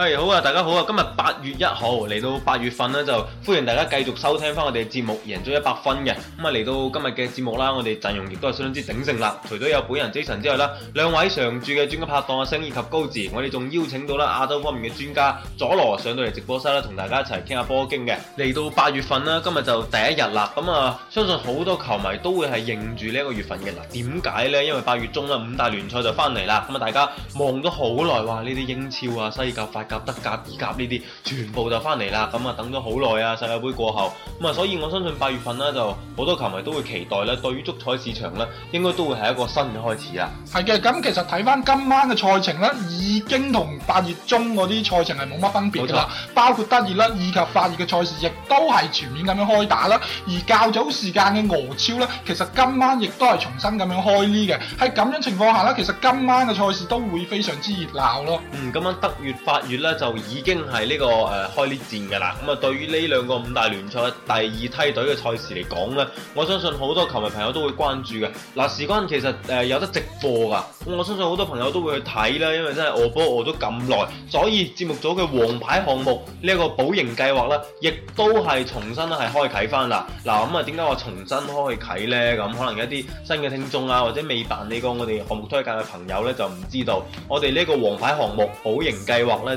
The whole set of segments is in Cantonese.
係、hey, 好啊，大家好啊！今日八月一號嚟到八月份咧，就歡迎大家繼續收聽翻我哋嘅節目，贏咗一百分嘅。咁啊嚟到今日嘅節目啦，我哋陣容亦都係相當之鼎盛啦。除咗有本人精神之外啦，兩位常駐嘅專家拍檔阿星以及高智，我哋仲邀請到啦亞洲方面嘅專家佐羅上到嚟直播室啦，同大家一齊傾下波經嘅。嚟到八月份啦，今日就第一日啦。咁、嗯、啊，相信好多球迷都會係認住呢一個月份嘅啦。點解呢？因為八月中啦，五大聯賽就翻嚟啦。咁啊，大家望咗好耐話呢啲英超啊、西甲、法。甲、德甲、乙甲呢啲全部就翻嚟啦，咁啊等咗好耐啊！世界盃過後，咁啊，所以我相信八月份呢，就好多球迷都會期待啦。對於足彩市場咧，應該都會係一個新嘅開始啊。係嘅，咁其實睇翻今晚嘅賽程咧，已經同八月中嗰啲賽程係冇乜分別啦。包括德乙啦，以及法乙嘅賽事，亦都係全面咁樣開打啦。而較早時間嘅俄超咧，其實今晚亦都係重新咁樣開呢嘅。喺咁樣情況下咧，其實今晚嘅賽事都會非常之熱鬧咯。嗯，今晚德乙、法乙。咧就已經係呢、這個誒、呃、開啲戰㗎啦。咁啊，對於呢兩個五大聯賽第二梯隊嘅賽事嚟講咧，我相信好多球迷朋友都會關注嘅。嗱、啊，事關其實誒、呃、有得直播㗎，我相信好多朋友都會去睇啦，因為真係餓波餓咗咁耐。所以節目組嘅金牌項目呢一個保盈計劃咧，亦都係重新係開啓翻啦。嗱，咁啊，點解我重新開啓咧？咁可能一啲新嘅聽眾啊，或者未辦理過我哋項目推介嘅朋友咧，就唔知道我哋呢個金牌項目保盈計劃咧。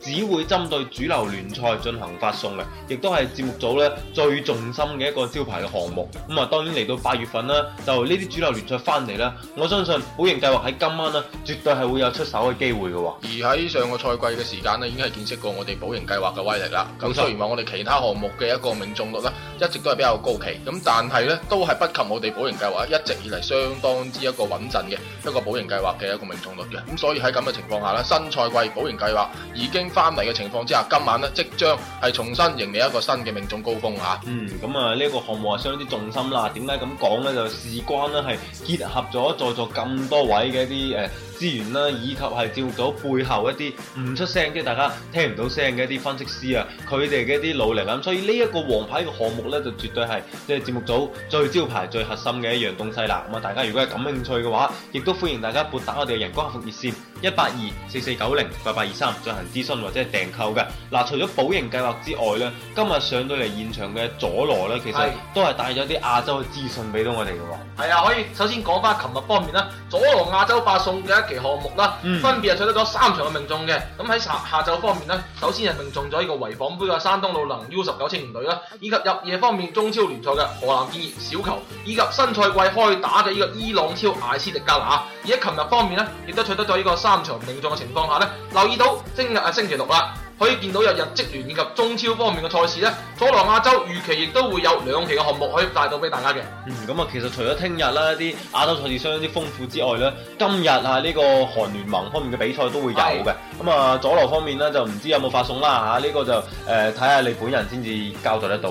只會針對主流聯賽進行發送嘅，亦都係節目組咧最重心嘅一個招牌嘅項目。咁啊，當然嚟到八月份啦，就呢啲主流聯賽翻嚟啦，我相信保盈計劃喺今晚啦，絕對係會有出手嘅機會嘅。而喺上個賽季嘅時間咧，已經係見識過我哋保盈計劃嘅威力啦。咁、嗯、雖然話我哋其他項目嘅一個命中率咧，一直都係比較高期，咁但係咧都係不及我哋保盈計劃一直以嚟相當之一個穩陣嘅一個保盈計劃嘅一個命中率嘅。咁所以喺咁嘅情況下咧，新賽季保盈計劃已經。翻嚟嘅情況之下，今晚咧即將係重新迎嚟一個新嘅命中高峰啊！嗯，咁啊呢一個項目係相當之重心啦。點解咁講呢？就事關咧係結合咗在座咁多位嘅一啲誒資源啦，以及係節目組背後一啲唔出聲即係、大家聽唔到聲嘅一啲分析師啊，佢哋嘅一啲努力啊。咁所以呢一個皇牌嘅項目呢，就絕對係即係節目組最招牌、最核心嘅一樣東西啦。咁啊，大家如果係感興趣嘅話，亦都歡迎大家撥打我哋嘅人工客服熱線。一八二四四九零八八二三進行諮詢或者係訂購嘅嗱，除咗保盈計劃之外咧，今日上到嚟現場嘅佐羅咧，其實都係帶咗啲亞洲嘅資訊俾到我哋嘅喎。係啊，可以首先講翻琴日方面啦，佐羅亞洲發送嘅一期項目啦，分別係取得咗三場嘅命中嘅，咁喺下下晝方面咧，首先係命中咗呢個濰坊盃嘅山東魯能 U 十九青年隊啦，以及入夜方面中超聯賽嘅河南建業小球，以及新賽季開打嘅呢個伊朗超艾斯迪加拿。而喺琴日方面咧，亦都取得咗呢個三場命中嘅情況下咧，留意到聽日係星期六啦，可以見到有日職聯以及中超方面嘅賽事咧。佐羅亞洲預期亦都會有兩期嘅項目可以帶到俾大家嘅。嗯，咁啊，其實除咗聽日啦，啲亞洲賽事相當之豐富之外咧，今日啊呢個韓聯盟方面嘅比賽都會有嘅。咁啊，佐羅方面咧就唔知有冇發送啦吓，呢、這個就誒睇下你本人先至交代得到。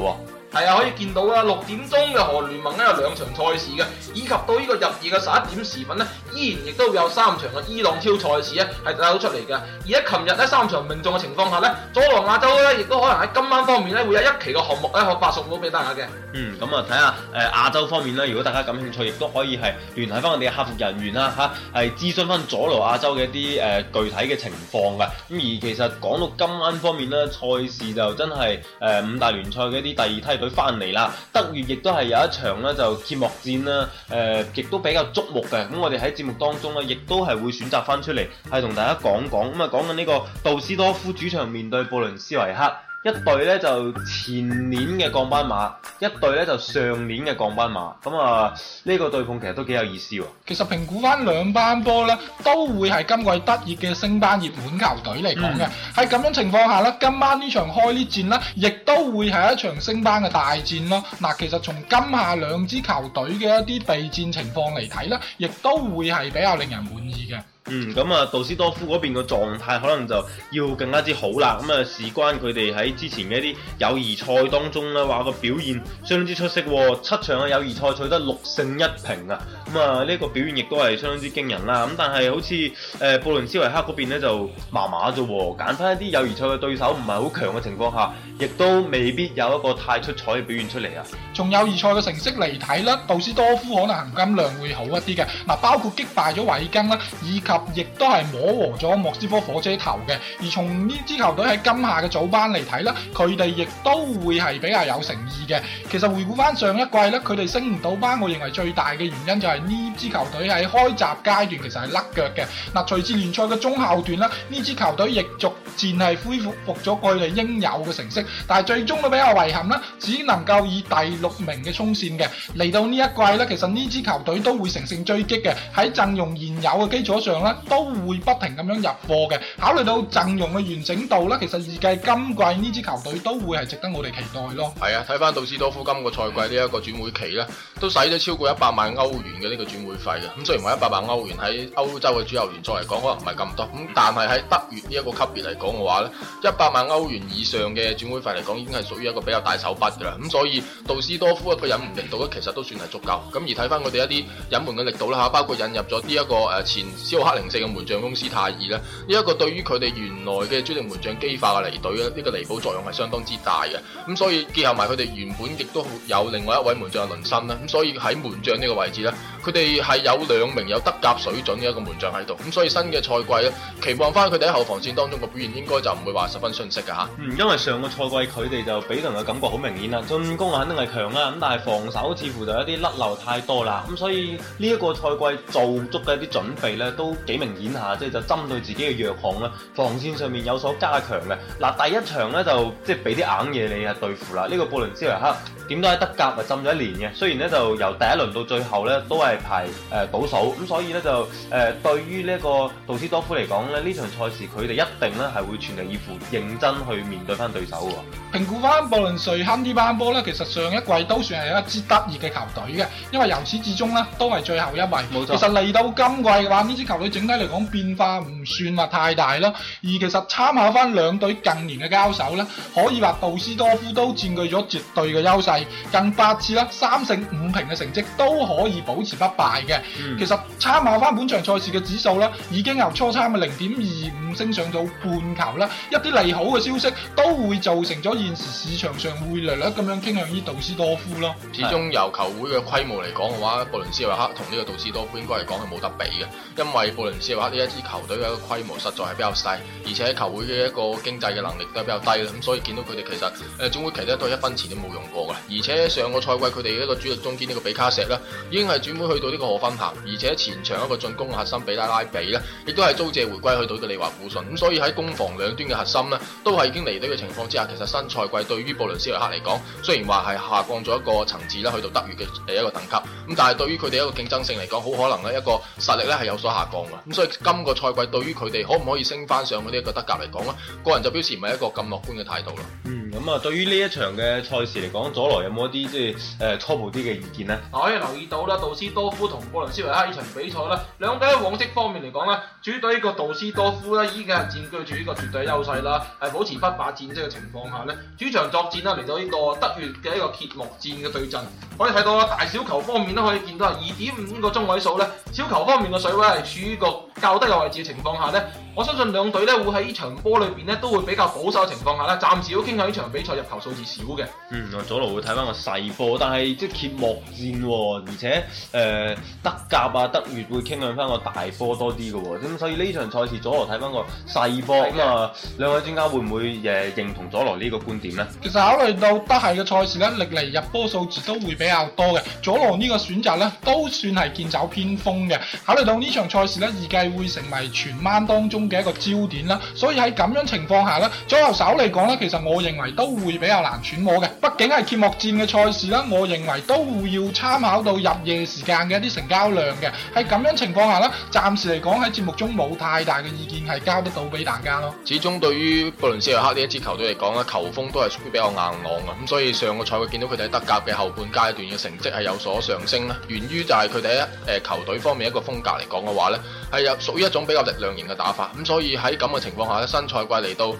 係啊，可以見到啊，六點鐘嘅荷聯盟咧有兩場賽事嘅，以及到呢個入夜嘅十一點時分咧，依然亦都會有三場嘅伊朗超賽事咧係帶到出嚟嘅。而喺琴日咧三場命中嘅情況下咧，佐羅亞洲咧亦都可能喺今晚方面咧會有一期嘅項目咧可發送到俾大家嘅。嗯，咁啊睇下誒亞洲方面咧，如果大家感興趣，亦都可以係聯繫翻我哋嘅客服人員啦、啊，吓係諮詢翻佐羅亞洲嘅一啲誒、呃、具體嘅情況噶、啊。咁而其實講到今晚方面咧，賽事就真係誒、呃、五大聯賽嘅一啲第二梯隊。翻嚟啦，德乙亦都係有一場咧就揭幕戰啦，誒、呃，亦都比較矚目嘅。咁我哋喺節目當中咧，亦都係會選擇翻出嚟，係同大家講講。咁啊，講緊呢個杜斯多夫主場面對布倫斯維克。一隊咧就前年嘅降班馬，一隊咧就上年嘅降班馬，咁啊呢個對碰其實都幾有意思喎。其實評估翻兩班波咧，都會係今季得意嘅升班熱門球隊嚟講嘅。喺、嗯、咁樣情況下咧，今晚呢場開呢戰呢，亦都會係一場升班嘅大戰咯。嗱，其實從今夏兩支球隊嘅一啲備戰情況嚟睇咧，亦都會係比較令人滿意嘅。嗯，咁啊，杜斯多夫嗰邊嘅狀態可能就要更加之好啦。咁啊，事關佢哋喺之前嘅一啲友誼賽當中咧，話個表現相當之出色，七場嘅友誼賽取得六勝一平啊。咁啊，呢、這個表現亦都係相當之驚人啦。咁但係好似誒、呃、布倫斯維克嗰邊咧就麻麻啫，揀翻一啲友誼賽嘅對手唔係好強嘅情況下，亦都未必有一個太出彩嘅表現出嚟啊。從友誼賽嘅成績嚟睇啦，杜斯多夫可能含金量會好一啲嘅。嗱，包括擊敗咗維根啦，以及亦都係磨合咗莫斯科火車頭嘅，而從呢支球隊喺今夏嘅組班嚟睇咧，佢哋亦都會係比較有誠意嘅。其實回顧翻上一季咧，佢哋升唔到班，我認為最大嘅原因就係呢支球隊喺開閘階段其實係甩腳嘅。嗱，隨住聯賽嘅中後段咧，呢支球隊亦續。漸係恢復復咗佢哋應有嘅成績，但係最終都比較遺憾啦，只能夠以第六名嘅衝線嘅。嚟到呢一季咧，其實呢支球隊都會乘勝追擊嘅，喺陣容現有嘅基礎上咧，都會不停咁樣入貨嘅。考慮到陣容嘅完整度咧，其實預計今季呢支球隊都會係值得我哋期待咯。係啊，睇翻杜斯多夫今個賽季呢一個轉會期咧，都使咗超過一百萬歐元嘅呢個轉會費嘅。咁雖然話一百萬歐元喺歐洲嘅主流聯賽嚟講可能唔係咁多，咁但係喺德乙呢一個級別嚟講，講嘅話咧，一百萬歐元以上嘅轉會費嚟講，已經係屬於一個比較大手筆噶啦。咁所以，杜斯多夫一個引入力度，其實都算係足夠。咁而睇翻佢哋一啲引入嘅力度啦，嚇，包括引入咗呢一個誒前斯克零四嘅門將公司太爾咧，呢、這、一個對於佢哋原來嘅主力門將肌化嘅離隊咧，呢、這個彌補作用係相當之大嘅。咁所以結合埋佢哋原本亦都有另外一位門將輪新啦。咁所以喺門將呢個位置咧。佢哋係有兩名有德甲水準嘅一個門將喺度，咁所以新嘅賽季咧，期望翻佢哋喺後防線當中嘅表現應該就唔會話十分遜色嘅嚇。嗯，因為上個賽季佢哋就俾人嘅感覺好明顯啦，進攻啊肯定係強啦，咁但係防守似乎就一啲甩漏太多啦，咁所以呢一個賽季做足嘅一啲準備咧都幾明顯下，即係就針對自己嘅弱項啦，防線上面有所加強嘅。嗱，第一場咧就即係俾啲硬嘢你去對付啦，呢個布倫斯維克點都喺德甲啊浸咗一年嘅，雖然咧就由第一輪到最後咧都係。排誒、呃、倒數咁、嗯，所以咧就誒、呃、對於呢個杜斯多夫嚟講咧，呢場賽事佢哋一定咧係會全力以赴、認真去面對翻對手喎、哦。評估翻布倫瑞堪呢班波咧，其實上一季都算係一支得意嘅球隊嘅，因為由始至終咧都係最後一位。冇錯。其實嚟到今季嘅話，呢支球隊整體嚟講變化唔算話太大啦。而其實參考翻兩隊近年嘅交手咧，可以話杜斯多夫都佔據咗絕對嘅優勢，近八次啦三勝五平嘅成績都可以保持翻。失敗嘅。其實參考翻本場賽事嘅指數啦，已經由初參嘅零點二五升上到半球啦。一啲利好嘅消息都會造成咗現時市場上會略略咁樣傾向於杜斯多夫咯。始終由球會嘅規模嚟講嘅話，布倫斯維克同呢個杜斯多夫應該嚟講係冇得比嘅，因為布倫斯維克呢一支球隊嘅規模實在係比較細，而且球會嘅一個經濟嘅能力都係比較低啦。咁所以見到佢哋其實誒轉、呃，會期咧都係一分錢都冇用過嘅，而且上個賽季佢哋一個主力中堅呢個比卡石咧，已經係轉去到呢個荷芬咸，而且前場一個進攻核心比拉拉比咧，亦都係租借回歸去到嘅利華富順，咁所以喺攻防兩端嘅核心咧，都係已經嚟到嘅情況之下，其實新賽季對於布倫斯維克嚟講，雖然話係下降咗一個層次啦，去到德乙嘅誒一個等級，咁但係對於佢哋一個競爭性嚟講，好可能咧一個實力咧係有所下降嘅，咁所以今個賽季對於佢哋可唔可以升翻上呢一個德甲嚟講咧，個人就表示唔係一個咁樂觀嘅態度咯。嗯，咁啊，對於呢一場嘅賽事嚟講，佐羅有冇一啲即係誒初步啲嘅意見咧？我可以留意到啦，導師。多夫同布倫斯維克呢場比賽咧，兩隊喺往績方面嚟講咧，主隊呢個杜斯多夫咧，依家係佔據住呢個絕對優勢啦，係保持不敗戰績嘅情況下咧，主場作戰啦嚟到呢個德乙嘅一個揭幕戰嘅對陣，可以睇到啊，大小球方面都可以見到係二點五個中位數咧，小球方面嘅水位係處於個較低嘅位置嘅情況下咧，我相信兩隊咧會喺呢場波裡邊咧都會比較保守嘅情況下咧，暫時都傾向呢場比賽入球數字少嘅。嗯，我早路會睇翻個細波，但係即揭幕戰，哦，而且誒。呃誒，德甲啊，德乙會傾向翻個大波多啲嘅喎，咁所以呢場賽事佐羅睇翻個細波，咁啊兩位專家會唔會誒、呃、認同佐羅呢個觀點呢？其實考慮到德系嘅賽事咧，歷來入波數字都會比較多嘅，佐羅呢個選擇咧都算係劍走偏鋒嘅。考慮到呢場賽事咧，預計會成為全晚當中嘅一個焦點啦，所以喺咁樣情況下咧，左右手嚟講咧，其實我認為都會比較難揣摩嘅，畢竟係揭幕戰嘅賽事啦，我認為都會要參考到入夜時間。嘅一啲成交量嘅，喺咁樣情況下咧，暫時嚟講喺節目中冇太大嘅意見，係交得到俾大家咯。始終對於布倫斯萊克呢一支球隊嚟講咧，球風都係屬於比較硬朗嘅，咁所以上個賽季見到佢哋喺德甲嘅後半階段嘅成績係有所上升啦，源於就係佢哋一誒球隊方面一個風格嚟講嘅話咧，係入屬於一種比較力量型嘅打法，咁所以喺咁嘅情況下咧，新賽季嚟到誒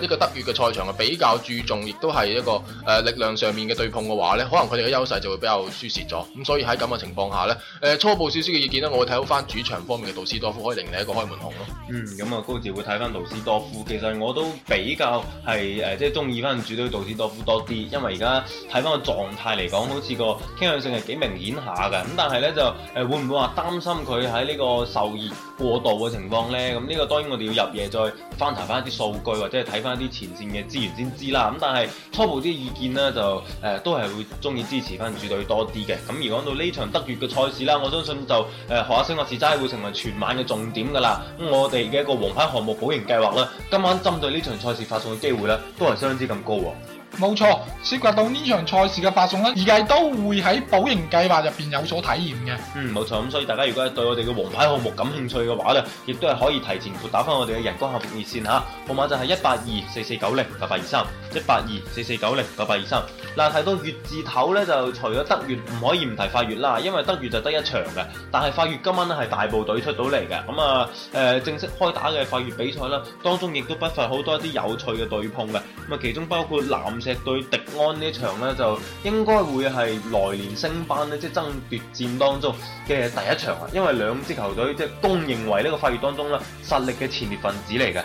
呢個德乙嘅賽場啊比較注重，亦都係一個誒力量上面嘅對碰嘅話咧，可能佢哋嘅優勢就會比較輸蝕咗，咁所以喺咁嘅情況下。下咧，誒初步少少嘅意見咧，我會睇好翻主場方面嘅杜斯多夫，可以迎嚟一個開門紅咯。嗯，咁啊高治會睇翻杜斯多夫，其實我都比較係誒、呃、即係中意翻主隊杜斯多夫多啲，因為而家睇翻個狀態嚟講，好似個傾向性係幾明顯下嘅。咁但係咧就誒會唔會話擔心佢喺呢個受熱過度嘅情況咧？咁呢個當然我哋要入夜再翻查翻一啲數據或者係睇翻一啲前線嘅資源先知啦。咁但係初步啲意見咧就誒、呃、都係會中意支持翻主隊多啲嘅。咁而講到呢場德乙賽事啦，我相信就誒下一星賽事真係會成為全晚嘅重點㗎啦。咁我哋嘅一個金牌項目保盈計劃咧，今晚針對呢場賽事發送嘅機會咧，都係相當之咁高喎。冇錯，涉及到呢場賽事嘅發送咧，而家都會喺保盈計劃入邊有所體驗嘅。嗯，冇錯，咁所以大家如果係對我哋嘅王牌項目感興趣嘅話咧，亦都係可以提前撥打翻我哋嘅人工客服熱線吓，號碼就係一八二四四九零八八二三，一八二四四九零八八二三。嗱，提到月字頭咧，就除咗德月唔可以唔提法月啦，因為德月就得一場嘅，但係法月今晚咧係大部隊出到嚟嘅，咁啊誒正式開打嘅法月比賽啦，當中亦都不乏好多一啲有趣嘅對碰嘅，咁啊其中包括藍。對對迪安呢一場呢場咧，就應該會係來年升班咧，即、就是、爭奪戰當中嘅第一場啊！因為兩支球隊即都認為呢個法乙當中啦，實力嘅前列分子嚟嘅。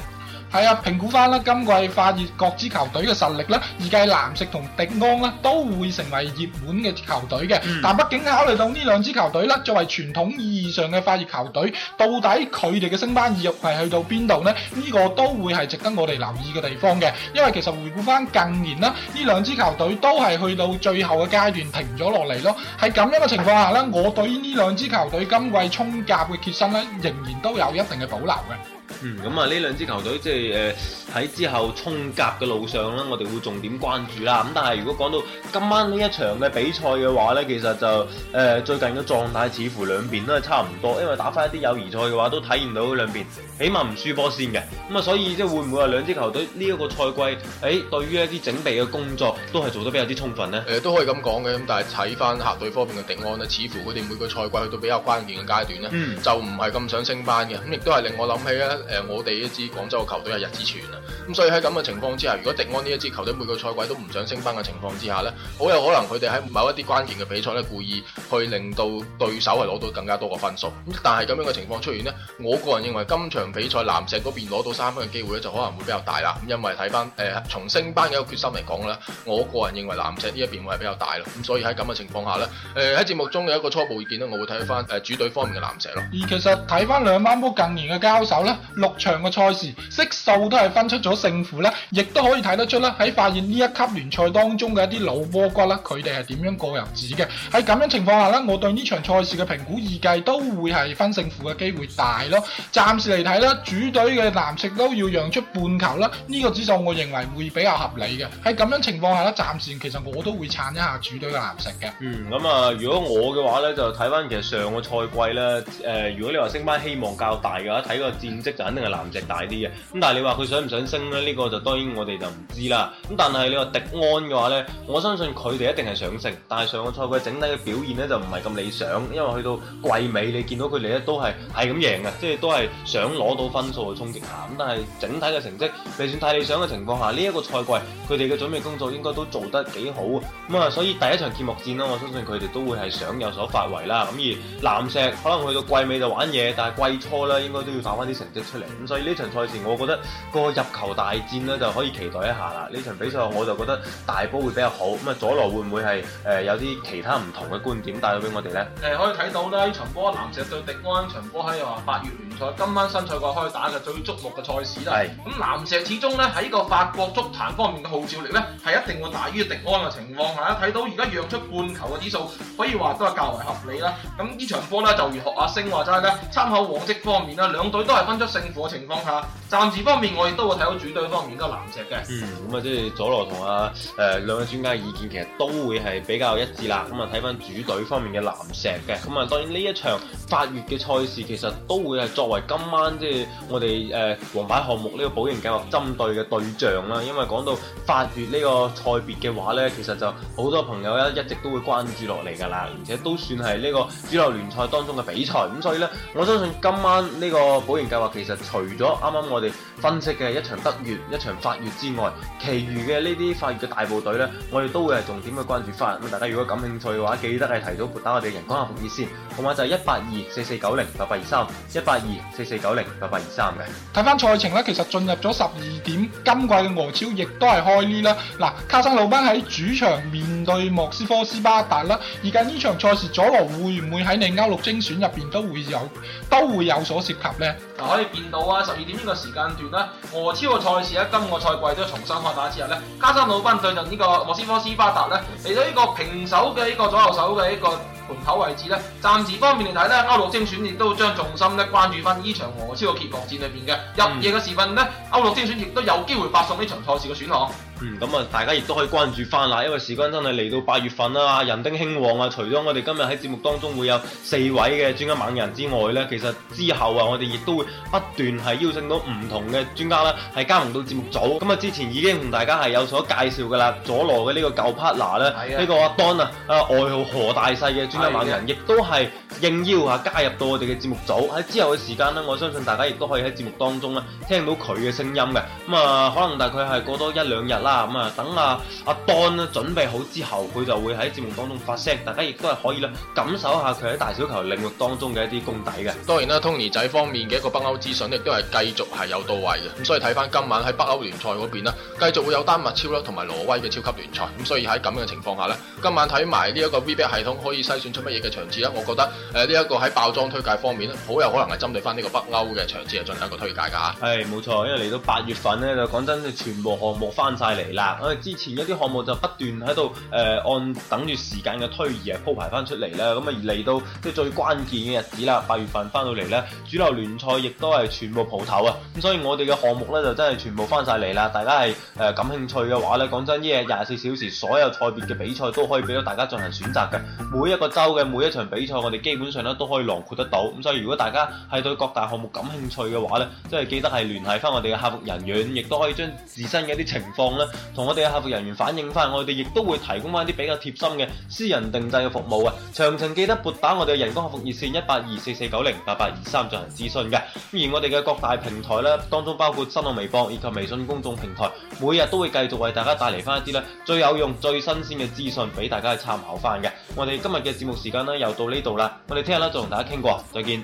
係啊，評估翻啦，今季發熱各支球隊嘅實力啦，而家藍色同迪安啦都會成為熱門嘅球隊嘅。但畢竟考慮到呢兩支球隊啦，作為傳統意義上嘅發熱球隊，到底佢哋嘅升班意欲係去到邊度呢？呢呢個都會係值得我哋留意嘅地方嘅。因為其實回顧翻近年啦，呢兩支球隊都係去到最後嘅階段停咗落嚟咯。喺咁樣嘅情況下呢，我對於呢兩支球隊今季衝甲嘅決心呢，仍然都有一定嘅保留嘅。嗯，咁啊，呢兩支球隊即係誒喺之後衝甲嘅路上咧，我哋會重點關注啦。咁但係如果講到今晚呢一場嘅比賽嘅話咧，其實就誒、呃、最近嘅狀態似乎兩邊都係差唔多，因為打翻一啲友誼賽嘅話，都體現到兩邊起碼唔輸波先嘅。咁啊，所以即係會唔會話兩支球隊呢一個賽季，誒、哎、對於一啲整備嘅工作都係做得比較之充分咧？誒都可以咁講嘅，咁但係睇翻客隊方面嘅迪案啊，似乎佢哋每個賽季去到比較關鍵嘅階段咧、嗯，就唔係咁想升班嘅。咁亦都係令我諗起啊～誒、呃，我哋一支廣州嘅球隊係日之泉啊，咁、嗯、所以喺咁嘅情況之下，如果迪安呢一支球隊每個賽季都唔想升班嘅情況之下呢，好有可能佢哋喺某一啲關鍵嘅比賽呢，故意去令到對手係攞到更加多嘅分數。咁、嗯、但係咁樣嘅情況出現呢，我個人認為今場比賽藍石嗰邊攞到三分嘅機會咧就可能會比較大啦。咁、嗯、因為睇翻誒從升班嘅一個決心嚟講呢，我個人認為藍石呢一邊會係比較大咯。咁、嗯、所以喺咁嘅情況下呢，誒喺節目中有一個初步意見呢，我會睇翻誒主隊方面嘅藍石咯。而其實睇翻兩班波近年嘅交手呢，六場嘅賽事，悉數都係分出咗勝負啦，亦都可以睇得出啦。喺發現呢一級聯賽當中嘅一啲老波骨啦，佢哋係點樣過日子嘅？喺咁樣的情況下咧，我對呢場賽事嘅評估意計都會係分勝負嘅機會大咯。暫時嚟睇啦，主隊嘅藍色都要讓出半球啦，呢、這個指數我認為會比較合理嘅。喺咁樣的情況下咧，暫時其實我都會撐一下主隊嘅藍色嘅。嗯，咁、嗯、啊，如果我嘅話呢，就睇翻其實上個賽季咧，誒、呃，如果你話升班希望較大嘅話，睇個戰績、嗯。肯定係藍石大啲嘅，咁但係你話佢想唔想升咧？呢個就當然我哋就唔知啦。咁但係你話迪安嘅話咧，我相信佢哋一定係想升，但係上個賽季整體嘅表現咧就唔係咁理想，因為去到季尾你見到佢哋咧都係係咁贏嘅，即係都係想攞到分數去衝擊下。咁但係整體嘅成績未算太理想嘅情況下，呢一個賽季佢哋嘅準備工作應該都做得幾好。咁啊，所以第一場揭幕戰啦，我相信佢哋都會係想有所發揮啦。咁而藍石可能去到季尾就玩嘢，但係季初咧應該都要打翻啲成績出嚟咁，所以呢場賽事我覺得個入球大戰咧就可以期待一下啦。呢場比賽我就覺得大波會比較好。咁啊，佐羅會唔會係誒有啲其他唔同嘅觀點帶到俾我哋咧？可以睇到啦，呢場波藍石對迪安場波喺話八月聯賽今晚新賽季開打嘅最觸目嘅賽事啦。係咁，藍石始終咧喺個法國足壇方面嘅號召力咧係一定會大於迪安嘅情況下，睇到而家讓出半球嘅指數，可以話都係較為合理啦。咁呢場波咧就如學阿星話齋咧，參考往績方面啦，兩隊都係分咗。勝負嘅情況下，暫時方面我亦都會睇到主隊方面都個藍石嘅。嗯，咁啊，即係佐羅同啊誒兩位專家意見其實都會係比較一致啦。咁啊，睇翻主隊方面嘅藍石嘅。咁啊，當然呢一場法乙嘅賽事其實都會係作為今晚即係、就是、我哋誒黃牌項目呢個保盈計劃針對嘅對象啦。因為講到法乙呢個賽別嘅話呢，其實就好多朋友一一直都會關注落嚟噶啦，而且都算係呢個主流聯賽當中嘅比賽。咁所以呢，我相信今晚呢個保盈計劃。其實除咗啱啱我哋分析嘅一場德乙一場法乙之外，其餘嘅呢啲法乙嘅大部隊呢，我哋都會係重點去關注翻。咁，大家如果感興趣嘅話，記得係提早撥打我哋嘅人工客服熱線，號碼就係一八二四四九零八八二三、一八二四四九零八八二三嘅。睇翻賽程呢，其實進入咗十二點，今季嘅俄超亦都係開呢啦。嗱，喀山魯賓喺主場面對莫斯科斯巴達啦。而家呢場賽事，佐羅會唔會喺你歐陸精選入邊都會有，都會有所涉及呢。就可以見到啊！十二點呢個時間段啦，俄超嘅賽事喺今個賽季都重新開打之後咧，喀山魯賓對陣呢個莫斯科斯巴達咧嚟到呢個平手嘅呢個左右手嘅呢個盤口位置咧，暫時方面嚟睇咧，歐陸精選亦都將重心咧關注翻呢場俄超嘅揭幕戰裏邊嘅入夜嘅時分咧，歐陸精選亦都有機會發送呢場賽事嘅選項。嗯，咁啊，大家亦都可以關注翻啦，因為事關真係嚟到八月份啦，人丁興旺啊！除咗我哋今日喺節目當中會有四位嘅專家猛人之外，呢其實之後啊，我哋亦都會不斷係邀請到唔同嘅專家啦，係加盟到節目組。咁啊，之前已經同大家係有所介紹㗎啦，佐羅嘅呢個舊 partner 呢，呢、呢個阿當啊，啊外號何大細嘅專家猛人，亦都係應邀啊加入到我哋嘅節目組。喺之後嘅時間呢，我相信大家亦都可以喺節目當中呢聽到佢嘅聲音嘅。咁、嗯、啊，可能大概係過多一兩日啦。咁啊，等阿、啊、阿、啊、Don 準備好之後，佢就會喺節目當中發聲。大家亦都係可以啦，感受下佢喺大小球領域當中嘅一啲功底嘅。當然啦，Tony 仔方面嘅一個北歐資訊亦都係繼續係有到位嘅。咁所以睇翻今晚喺北歐聯賽嗰邊啦，繼續會有丹麥超啦，同埋挪威嘅超級聯賽。咁所以喺咁樣嘅情況下咧，今晚睇埋呢一個 Vbet 系統可以篩選出乜嘢嘅場次咧？我覺得誒呢一個喺爆裝推介方面咧，好有可能係針對翻呢個北歐嘅場次嚟進行一個推介㗎。係、哎、冇錯，因為嚟到八月份咧，就講真的，全部項目翻晒。嚟。嚟啦！咁啊，之前一啲項目就不斷喺度誒按等住時間嘅推移啊鋪排翻出嚟啦。咁啊嚟到即係最關鍵嘅日子啦，八月份翻到嚟咧，主流聯賽亦都係全部蒲頭啊。咁所以我哋嘅項目咧就真係全部翻晒嚟啦。大家係誒感興趣嘅話咧，講真，一日廿四小時所有賽別嘅比賽都可以俾到大家進行選擇嘅。每一個洲嘅每一場比賽，我哋基本上咧都可以囊括得到。咁所以如果大家係對各大項目感興趣嘅話咧，即係記得係聯繫翻我哋嘅客服人員，亦都可以將自身嘅一啲情況咧，同我哋嘅客服人員反映翻，我哋亦都會提供翻一啲比較貼心嘅私人定制嘅服務啊。詳情記得撥打我哋嘅人工客服熱線一八二四四九零八八二三進行諮詢嘅。而我哋嘅各大平台咧當中，包括新浪微博以及微信公眾平台，每日都會繼續為大家帶嚟翻一啲咧最有用、最新鮮嘅資訊俾大家去參考翻嘅。我哋今日嘅節目時間呢又到呢度啦，我哋聽日咧再同大家傾過，再見。